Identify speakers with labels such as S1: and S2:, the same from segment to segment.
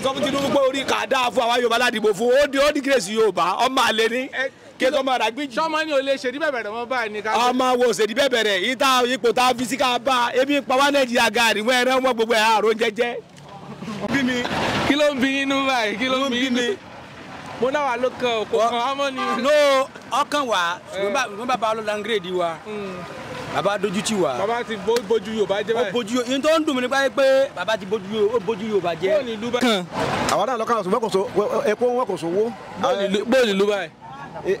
S1: ẹ sọ fún Tinubu pé orí kà á dáa fún àwa Yorùbá ládìbò fún ó di ó di grace Yorùbá ọmọ àlè ni kí ló máa ràgbìjì. sọmọ ni o lè ṣèdí bẹ̀bẹ̀ rẹ̀ mọ́ báyìí ni ká. ọmọ wo ṣèdí bẹ̀bẹ̀ rẹ̀ yìí tá ipò tá a fi sí ká bá ebi pa wá Nàìjíríà gaari wọn ẹran wọn gbogbo ẹ̀ àrùn jẹjẹ. kí ló ń bí inú báyìí kí ló ń bí inú. mo náà wà lókàn òkò kan ọmọ ni. no ọkàn eh. wa ṣùgbọ́n bàbá ọlọ́lá ń gírèdì wa bàbá dojú ti wà. bàbá ti bójú yorùbá jẹ́ báyìí. ó bójú yorùbá yín tó ń dùn mí nípa yẹn pé bàbá ti bójú yorùbá jẹ́. bóòlì ìlú
S2: báyìí. àwọn náà lọ́kàn ọ̀sùn wẹ́kọ̀sọ ẹ̀kọ́ wẹ́kọ̀sọ wo. bóòlì ìlú báyìí. E-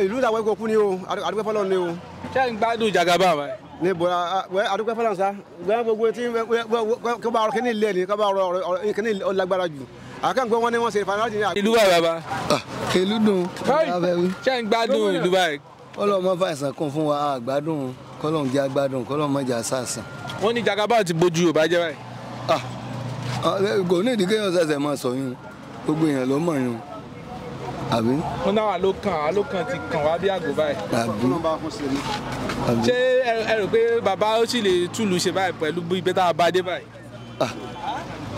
S2: ìlú làwọn ẹ̀kọ́ kú ni o àdúgbò fọlọ́ ni o. ṣé ń gbádùn jagaba báyìí ne bɔra wɛ adukɛ fana sa gbɛn gbogbo ti k'o b'a yɔrɔ k'e ni lɛ ni k'o b'a yɔrɔ k'e ni lágbára jù a kan gbɔn wọn ni wọn ṣe fana lati. ìlú bá baba.
S3: ìlú dùn. ṣé ń gbádùn ìlú báyìí. ọlọ́run ma fa ìsàn kún fún wa àgbádùn kọ́lọ́n jẹ́ agbádùn kọ́lọ́n mọ̀jà
S1: sàsàn. wọ́n ní jagaba ti bójú yorùbá jẹ́ báyìí.
S3: Ah, ah, kò ní ìdí kéèyàn
S1: ṣẹ̀ṣẹ̀ máa sọ yún gbogbo èèyàn ló mọ̀ yún àbí. wọn náà wà ló kàn wá ti kàn wá bí àgò báyìí. àbí ṣé ẹ rò pé bàbá ó sì lè túlù ṣe báyìí pẹ̀lú bí bẹ́tà bá dé báyìí.
S3: Ah,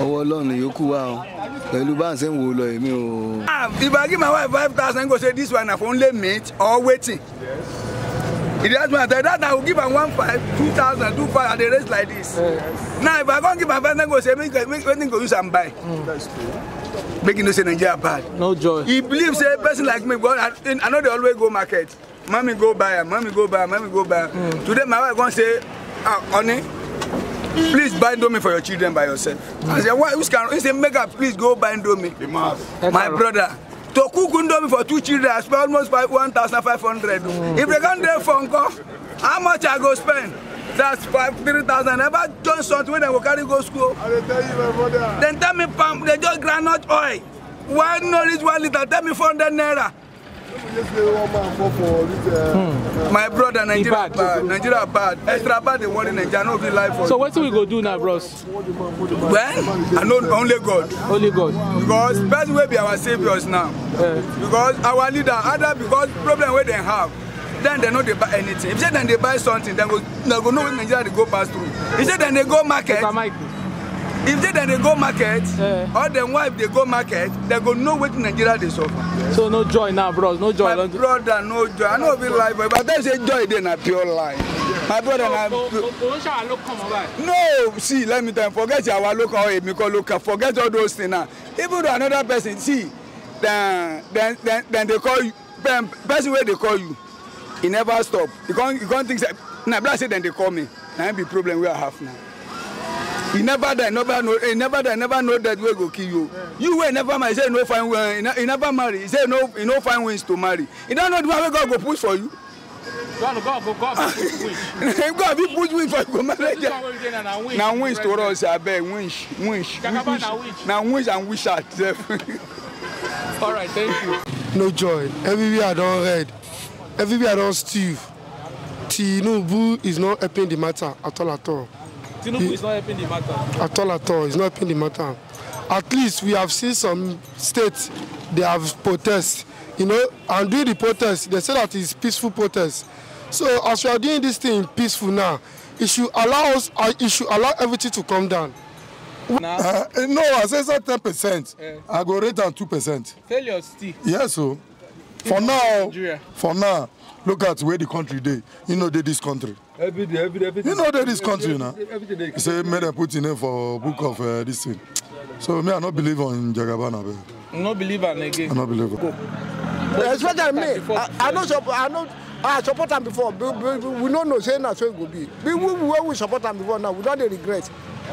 S3: ọwọ́ ọlọ́run yòókù wá
S1: o pẹ̀lú bá ń ṣe ń wò lọ èmi o. if I give my wife five thousand go say this one na for only meat or waiting. Yes. If you ask me, I tell you, that I will give am one five, two thousand, two five, and the rest like this. Yes. Now, if I can't give my friend, then go say, make, make, make, go use and buy. Mm. That's true. Making no say Nigeria bad. No joy. He believes no a person like me, God, I, I know they always go market. Mommy go buy am, mommy go buy am, mommy go buy Mm. Today, my wife gonna say, ah, honey, please buy me for your children by yourself. Mm. I say, why? Who's can? He say, make up, please go buy me. My brother to cook Indomie for two children, I spend almost five one thousand five hundred. Mm. If they can't get phone call, how much I go spend? That's five, three thousand. Ever done something when they go carry go school? I will tell you, my brother. Then tell me, pump, they just groundnut oil. One no this one liter? Tell me 400 naira. Uh, hmm. my brother nigeria bad. bad nigeria bad extra bad dey worry naija no be lie for so wetin we go do now bros. When? i know only god only god because best wey be our saviors now yeah. because our leader other because problem where they have then they no dey buy anything if they dem dey buy something dem go, go know wey nigeria dey go pass through if they dem dey go market if they then they go market yeah. or dem wife they go market they go no know wetin nigeria dey suffer. so no joy now bros no joy. my brother no joy i know be life, but i say joy then a pure life. my brother na. oṣà ló no see let me tell you forget your local or oh, emiko local forget all those things now. even though another person see then then then, then they call you then person where they call you he never stop you can't you come think that now. be like say dem call me Now be problem we i have now he never die never know he never die never know death wey go kill you yeah. you wey never marry say you no find uh, he never marry he say you no he no find wins to marry you don know the one wey god go put for you. God, God, God, God, God, be put win for you go marry there. Na wins to us, abeg, wins, wins, wins. Na wins and wish at sef. All right, thank you. No joy. Everywhere I don red. Everywhere I don stew. Tinubu is not helping the matter at all at all. Tinubu is not helping the matter. At all, at all, it's not helping the matter. At least we have seen some states they have protest. you know, and during the protest, they say that it's peaceful protest. So as we are doing this thing peaceful now, it should allow us, uh, it should allow everything to come down. Nah. Uh, uh, no, I said that 10%. Yeah. I go rate on 2%. Failure still. Yes, sir. Oh.
S2: For now, Nigeria.
S1: for now, look at where the country dey e no dey this country every day every day e no dey dis country na he say make dem put him name for book of uh, dis thing so me i no believe on jagaba na abeg.
S2: no believe am again i no believe am. especially me i, no support i no i support am before we no know say na so e go be we wey we support am before now we don dey regret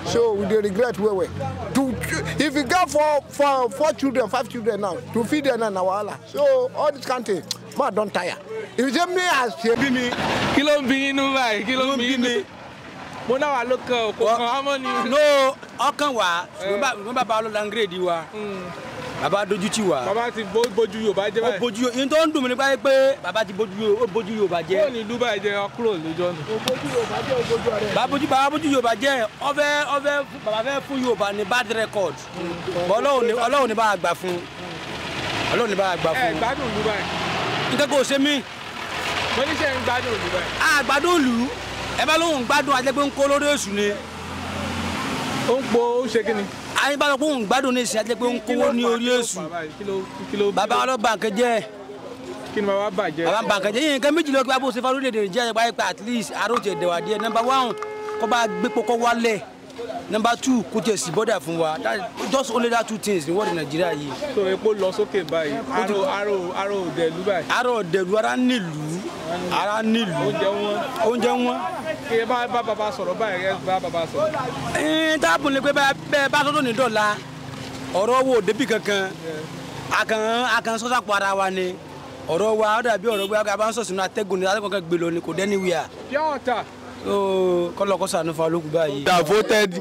S2: so we dey regret well well to if you e get four four four children five children now to feed them na wahala so all this kind thing má don tire ìṣe mi àṣẹ. bí mi kí ló ń bí inú báyìí kí ló ń bí mi.
S1: mo náà wà lókàn òkò kan ọmọ ni. no ọkàn wa ṣùgbọ́n bàbá ọlọ́lá ń gírèdì wa bàbá dojú ti wa. Baba ti bójú yorùbá jẹ báyìí. o bójú yorùbá yìí tó ń dùn mí nípa yìí pé bàbá ti bójú yorùbá jẹ. kóòlì dubai jẹ ọkúrò lójó ni. o bójú yorùbá jẹ o bójú Baba bàbá bójú bàbá bójú yorùbá jẹ ọfẹ ọfẹ bàbá fẹ fún yorùbá ní bad record. Hmm. ọlọ́run ní bá a gbà fún. ọlọ́run ní bá a gbà fún. ẹ gbádùn dubai nǹkan kò ṣe mí. mo ní sẹ́ ń gbádùn òlù báyìí. a gbádùn òlù ẹ bá lóun gbádùn àjẹgbẹ́ ń kó lórí èṣù ni. ó ń po ó ṣe kí ni. ayé bá lọ pé òun gbádùn ní ìsìn àjẹgbẹ́ ń kówó ní orí èṣù. bàbá wa ló bà nǹkan jẹ́. kí ni bàbá bàjẹ́. bàbá bàǹkà jẹ́ yìnyín kan méjì lọ́ọ́ kí bá bó ṣe fa orílẹ̀-èdè Nàìjíríà yẹn pa at least àròjẹ̀ díẹ̀ number one kọ́ bá gbépo kọ́ wálẹ̀ number two kò tiẹ̀ sí bọ́dà fún wa that just only that two things ni wọ́ọ̀dì nàìjíríà yìí. so epo lọ sókè báyìí aró aró aró òdẹ̀lú báyìí. aró òdẹ̀lú ara nílùú ara nílùú. oúnjẹ wọn. oúnjẹ wọn. kí ẹ bá bá bàbá sọ̀rọ̀ báyìí ẹ bá bàbá sọ̀rọ̀. ẹ táàbùn lè pé bẹ́ẹ̀ bá tọ́tún ní dọ̀la ọ̀rọ̀ wo débì kankan àkàn àkàn sọ́sàpọ̀ ara wa ni ọ̀rọ̀ wa ó dàbí ọ̀rọ̀ wa a bá ń sọ̀sìn atẹ́gùn ní atẹ́gùn kan gbèlò ni kò dẹ́ni wíyà. pure water So Kolokosa Nufalukuba. That voted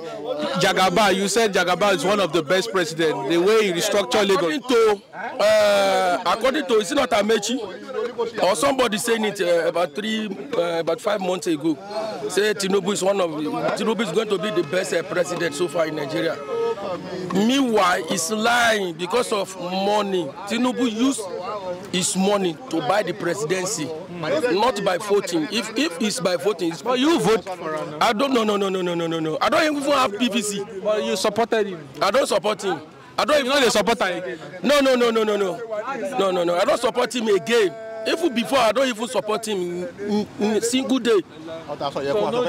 S1: Jagaba. You said Jagaba is one of the best president. The way he restructured Lagos. According to, uh, according to, is it not Amechi or somebody saying it uh, about three, uh, about five months ago? Say Tinubu is one of Tinubu is going to be the best uh, president so far in Nigeria. Meanwhile, he's lying because of money. Tinubu used his money to buy the presidency not by voting. If if it's by voting, it's but you vote. I don't no no no no no no no no. I don't even have PVC. But you supported him. I don't support him. I don't even know the supporter. No no no no no no no no no. I don't support him again. Even before I don't even support him in, a single day. So no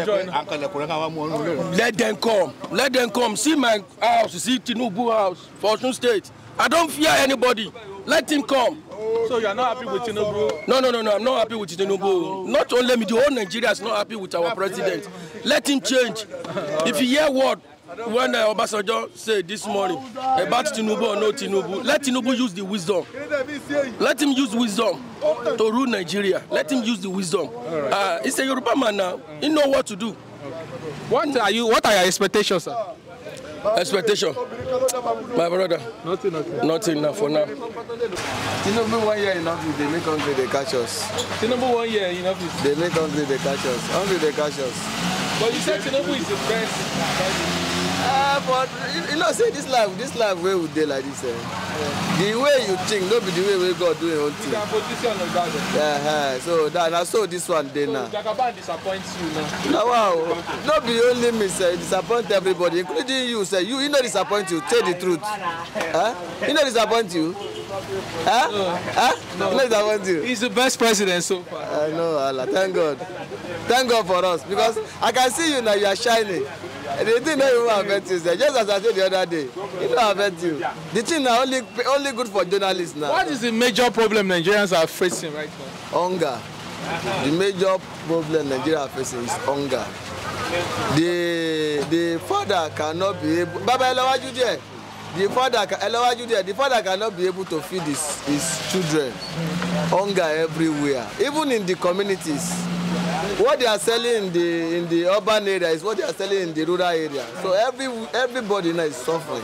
S1: Let them come. Let them come. See my house. See Tinubu house Fortune State. I don't fear anybody. Let him come. So you are not happy with Tinubu? No, no, no, no. I'm not happy with Tinubu. Not only me, the whole Nigeria is not happy with our president. Let him change. If you hear what when uh, Obasanjo said this morning about Tinubu or no Tinubu, let Tinubu use the wisdom. Let him use wisdom to rule Nigeria. Let him use the wisdom. Uh, he's a Yoruba man now. He know what to do. What are you? What are your expectations, sir? expectation my brother nothing okay. nothing na for now. tinubu one year in office dey make hungry dey catch
S3: us. tinubu one year in office. dey make hungry dey catch us hungry dey catch us. but you say tinubu is the best. Ah, but you know say this life this life wey we dey like this eh the way you think no be the way wey God do him own thing. you na position of that. Yeah, yeah. so that na so this one dey so, now. so
S1: jagaban you now. na
S3: wow. o oh. no be only me sef disappoint everybody including you sef you he no disappoint you tell the truth huh? he no disappoint you. Huh? No. Huh? No. no disappoint you. he's the best president so far. i know allah thank god thank god for us because i can see you na you are shining the thing no even affect you sef just as i say the other day e no affect you the thing na only only good for journalists now. what is the major problem nigerians are facing right now. hunger the major problem nigeria facing is hunger the the father cannot be able baba elewaju there the father elewaju there the father cannot be able to feed his his children hunger everywhere even in the communities what they are selling in the in the urban area is what they are selling in the rural area so every everybody now is suffering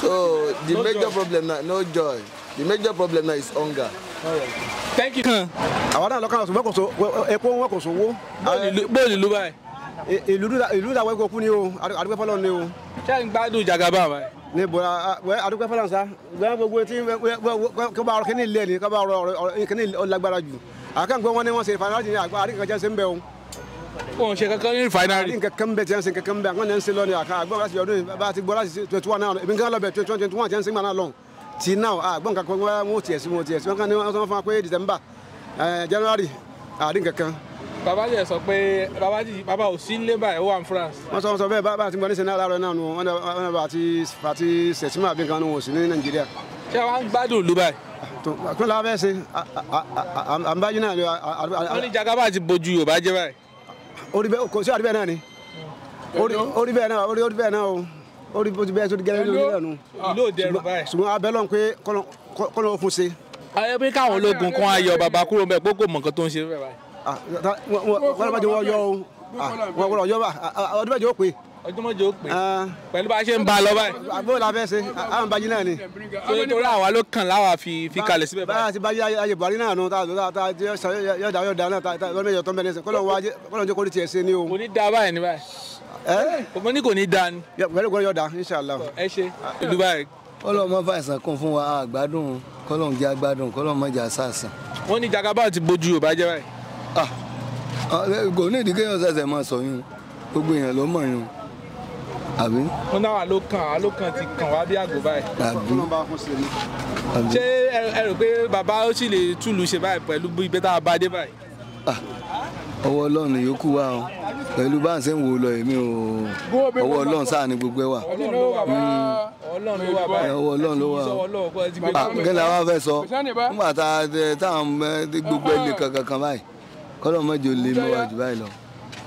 S3: so the no major joy. problem now no joy the major problem now is hunger.
S2: thank you. àwọn náà lọ́kàn ọ̀sùn mọ́kànso epo mọ́kànso wo. bóòlù ló báyìí. E, ìlú ìlú ìlú àwọn ẹgbẹ́ òkú ni o àdúgbò fọlọ́ ni o. ṣé ń gbádùn jagaba báyìí ní bora wẹ adúgbò fọlọ́nsá àkàǹgbọ́n wọn ni wọ́n ṣe fàyínárì ní àgbà àríkà jẹ́ ṣe ń bẹ̀ o. wọn ṣe kankan ní fàyínárì. àríkà kankan bẹ tiẹ̀ ń ṣe kankan bẹ àwọn ẹ̀ ń ṣe lọ́ni àkàn àgbọ̀n láti ọdún bá ti gbọ́ láti twenty one náà ebi nǹkan lọ́bẹ̀ twenty one twenty one tiẹ̀ ń ṣe gbà náà lọ ti náà àgbọ̀n kankan wọn ò tiẹ̀ sí wọn ò tiẹ̀ sí wọn kan ní wọn sọ fún wa pé December eh, January àríkà kan
S1: bàbá jẹ sọ pé bàbá jì bàbá ò sí ilé báyìí ó wà ní France.
S2: wọ́n sọ wọ́n sọ bẹ́ẹ̀ bàbá àti gbọ́n ní sẹ́ni aláàárọ̀ náà nù wọ́n náà bá àti sẹ̀tìmọ̀ àbí nǹkan nù wọ́n sí ní Nàìjíríà. ṣé wàá ń gbádùn ìlú kí ló fẹ́ ṣe à ń bájú náà ni. wọ́n ní jagaba ti bojú Yorùbá jẹ́ báyìí. orí kò sí àdúgbò náà ni orí bẹ́ẹ̀ náà orí bẹ́ẹ̀ náà o orí bó ti bẹ́ẹ̀ tó ti gẹ́rẹ́ lórí rẹ̀ nu. ìlú òde ẹ̀rọ báyìí. ṣùgbọ́n abẹ́ lọ́n pé kọ́nà ó fún ṣe. ayé pé káwọn ológun kan ayọ̀ bàbá kúrò mẹ́ gbogbo mọ̀ nǹkan tó ń ṣe fẹ́ báyìí. wọ́n bá jẹ́ wọ́n yọ o ojúmọ́jọ́ pé ah. pẹ̀lú bá a ṣe ń ba lọ báyìí. àbúrò la fẹ́ ṣe àwọn bají náà ni. torí àwa ló kàn láwa fi fi kalẹ̀ síbẹ̀ báyìí. báyà ti bají ayé buhari náà nù tá a yọ da yọ da náà tá a lọ́nà ìyọ̀tọ̀ mẹ́rin sẹ́ kọ́lọ́ wájú kọ́lọ́ jẹ́ kó ní tiẹ̀ ṣe ni o. kò ní da báyìí ni báyìí. ọmọ ní kò ní da ni. pẹ̀lú kò yọ da inshàlá. ẹ ṣe ìlú
S3: báyìí. ọlọ́mọ fàìsàn kún fún wa àgbádùn kọ́lọ́ jẹ́ àgbádùn kọ́lọ́ mọ́jà sàṣà. wọ́n
S1: ní jagaba ti bójú yorùbá jẹ́ báyìí. Ah, ah, kò ní ìdíkẹ́yọ̀ sẹ̀sẹ̀ máa sọ yún gbogbo èèyàn ló mọ̀ yún àbí. wọn náà wà ló kàn wá ló kàn ti kàn wá bí àgò báyìí. àbí ṣé ẹ rò pé bàbá ó sì lè túlù ṣe báyìí pẹ̀lú bí bẹ́tà abadé báyìí.
S3: ọwọ́ ọlọ́run yòókù wà o pẹ̀lú bá ń ṣe ń wò lọ èmi o ọwọ́ ọlọ́run sáà ni gbogbo ẹ wà. Hmm.
S1: ọwọ́ ọlọ́run ló wà o kí ni àwọn fẹ́ sọ nígbà
S3: tá a gbogbo ẹ lè kankan báyìí kọ́lọ́ mọ́jọ lè mọ́ báyìí lọ.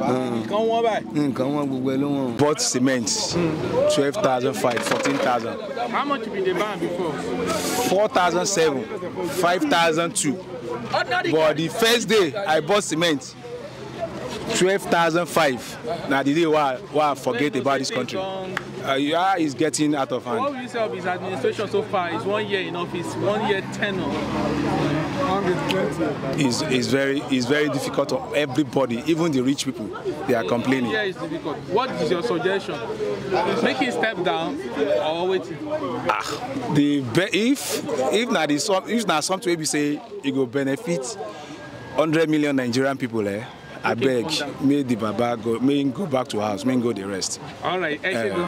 S3: Ah. nǹkan wọn báyìí. nǹkan
S1: wọn gbogbo ẹ ló wọn. bought cement twelve thousand five fourteen thousand. how much been the ban before. four thousand seven five thousand two but the first day i bought cement twelve thousand five na the day wey i forget about this country uh, is getting out of hand. what will you say of his administration so far Is one year in office one year ten or is, is very is very difficult for everybody, even the rich people. They are complaining. Yeah, it's difficult. What is your suggestion? Make it step down or wait. Ah, the if if not is if some way we say it e will benefit 100 million Nigerian people. Eh? I beg, may the Baba go, may go back to house, may go the rest. All right. Uh,